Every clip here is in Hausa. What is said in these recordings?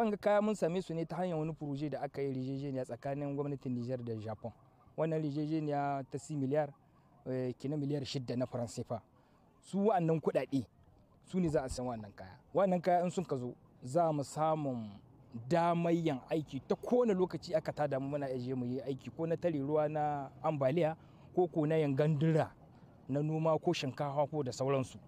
wanga kaya mun same su ne ta hanyar wani furuje da aka yi rijejeniya tsakanin gwamnatin Nijar da Japan wannan rijejeniya ta si miliyar eh, kina miliyar shidda na faransifa su wa'annan kuɗaɗe su ne za a san wannan kaya wannan kaya in sun ka zo za mu samun damayyan aiki ta kowane lokaci aka tada mu muna aje mu yi aiki ko na tare ruwa na ambaliya ko ko na gandura na noma ko shinkafa ko da sauransu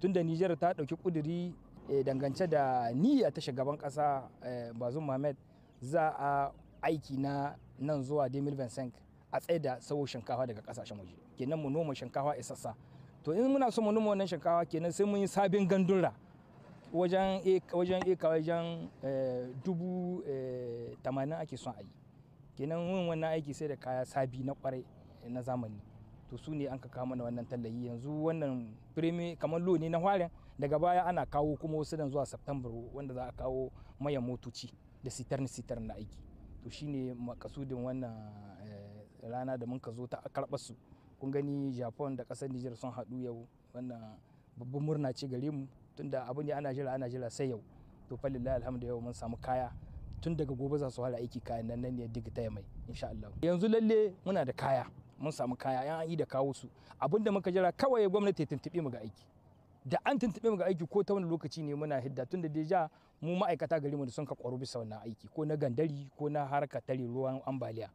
tunda Nijar ta ɗauki ƙuduri Eh, dangance da niyya ta shugaban kasa eh, bazum mohamed za a aiki na nan zuwa 2025 a tsaye da sawo shinkafa daga kasashen waje kenan mu noma shinkafa isassa to in muna so mu noma wannan shinkafa kenan sai mun yi sabin gandura wajen wajen eka wajen eh, dubu tamanin ake son a yi kenan wannan aiki sai da kaya sabi na kwarai na zamani to su ne an ka kama mana wannan tallafi yanzu wannan firimi kamar lo ne na hwarin daga baya ana kawo kuma wasu dan zuwa september wanda za a kawo mayan motoci da na sitar na aiki to shine makasudin wannan eh, rana da muka zo ta karɓar su kun gani japan da ƙasar nijar sun haɗu yau wannan babban murna ce gare mu tunda abu ne ana jira ana jira sai yau to falillah alhamdu yau mun samu kaya tun daga gobe za su fara aiki kayan nan ne ya digita mai insha Allah yanzu lalle muna da kaya mun samu kaya yan an yi da kawo su abinda muka jira kawai gwamnati ta tuntuɓe mu ga aiki da an tuntuɓe mu ga aiki ko ta wani lokaci ne muna hidda tun da deja mu ma'aikata gari mu da sun ka ƙwaro bisa wannan aiki ko na gandari ko na harkar tare ruwan ambaliya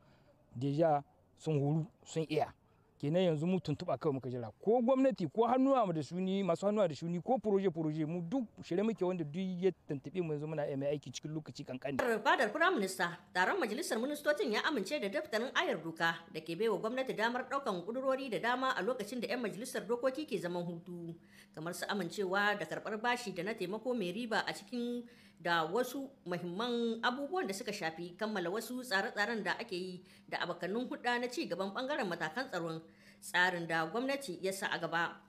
deja sun huru sun iya kenan yanzu mu tuntuɓa kawai muka jira ko gwamnati ko hannuwa da shuni masu hannuwa da shuni ko proje proje mu duk shirye muke wanda duk ya tuntuɓe mu yanzu muna iya mai aiki cikin lokaci kankani. fadar firayim minista taron majalisar ministocin ya amince da daftarin ayar doka da ke baiwa gwamnati damar ɗaukan kudurori da dama a lokacin da 'yan majalisar dokoki ke zaman hutu kamar su amincewa da karɓar bashi da na taimako mai riba a cikin da wasu mahimman abubuwan da suka shafi kammala wasu tsare-tsaren da ake yi da abokanin hudda na ci gaban bangaren matakan tsaron tsarin da gwamnati ya sa a gaba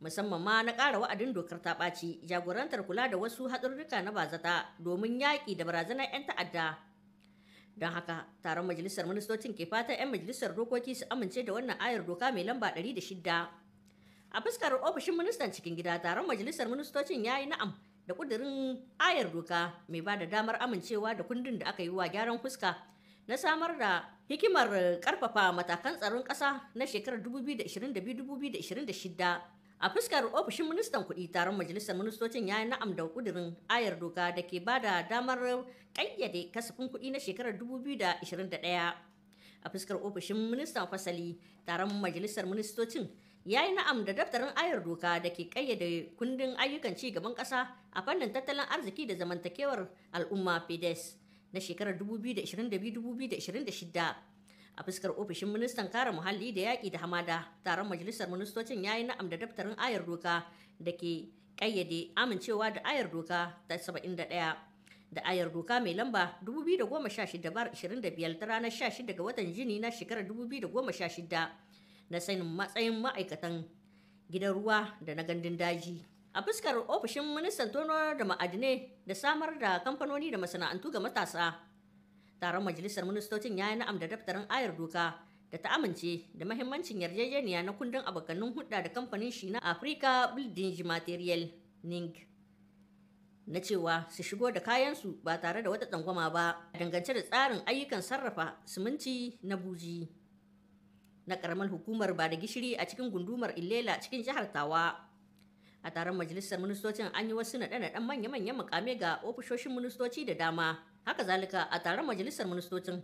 musamman ma na ƙara wa'adin dokar ta ɓaci jagorantar kula da wasu hatsarurruka na bazata domin yaƙi da barazanar 'yan ta'adda don haka taron majalisar ministocin ke fatan 'yan majalisar dokoki su amince da wannan ayar doka mai lamba 106 a fuskar ofishin ministan cikin gida taron majalisar ministocin ya yi na'am da ƙudurin ayar doka mai ba da damar amincewa da kundin da aka yi wa gyaran fuska na samar da hikimar karfafa matakan tsaron ƙasa na shekarar 2022-2026 a fuskar ofishin ministan kuɗi taron majalisar ministocin ya yi na'am da kudirin ayar doka da ke ba da damar ƙayyade kasafin kuɗi na shekarar 2021 a fuskar ofishin ministan fasali taron majalisar ministocin ya yi na'am da daftarin ayar doka da ke ƙayyade kundin ayyukan ci gaban ƙasa a fannin tattalin arziki da zamantakewar al'umma fedes na shekarar 2022-2026 a fuskar ofishin ministan kare muhalli da yaƙi da hamada taron majalisar ministocin ya yi na'am da daftarin ayar doka da ke ƙayyade amincewa da ayar doka ta 71 da ayar doka mai lamba 2016-25 ta ranar 16 ga watan jini na shekarar 2016 na sanin matsayin ma'aikatan gidan ruwa da na gandun daji. a fuskar ofishin ministan tono da ma'adinai da samar da kamfanoni da masana'antu ga matasa taron majalisar ministocin ya yi na'am da daftarin ayar doka da ta amince da mahimmancin yarjejeniya na kundin abokanin hudda da kamfanin shi na africa building material ning na cewa su shigo da kayansu ba tare da wata tsangwama ba a dangance da tsarin ayyukan sarrafa siminti na buji na karamar hukumar ba da gishiri a cikin gundumar illela cikin jihar tawa a taron majalisar ministocin an yi wasu naɗe-naɗen manya-manyan mukame ga ofishoshin ministoci da dama haka zalika a taron majalisar ministocin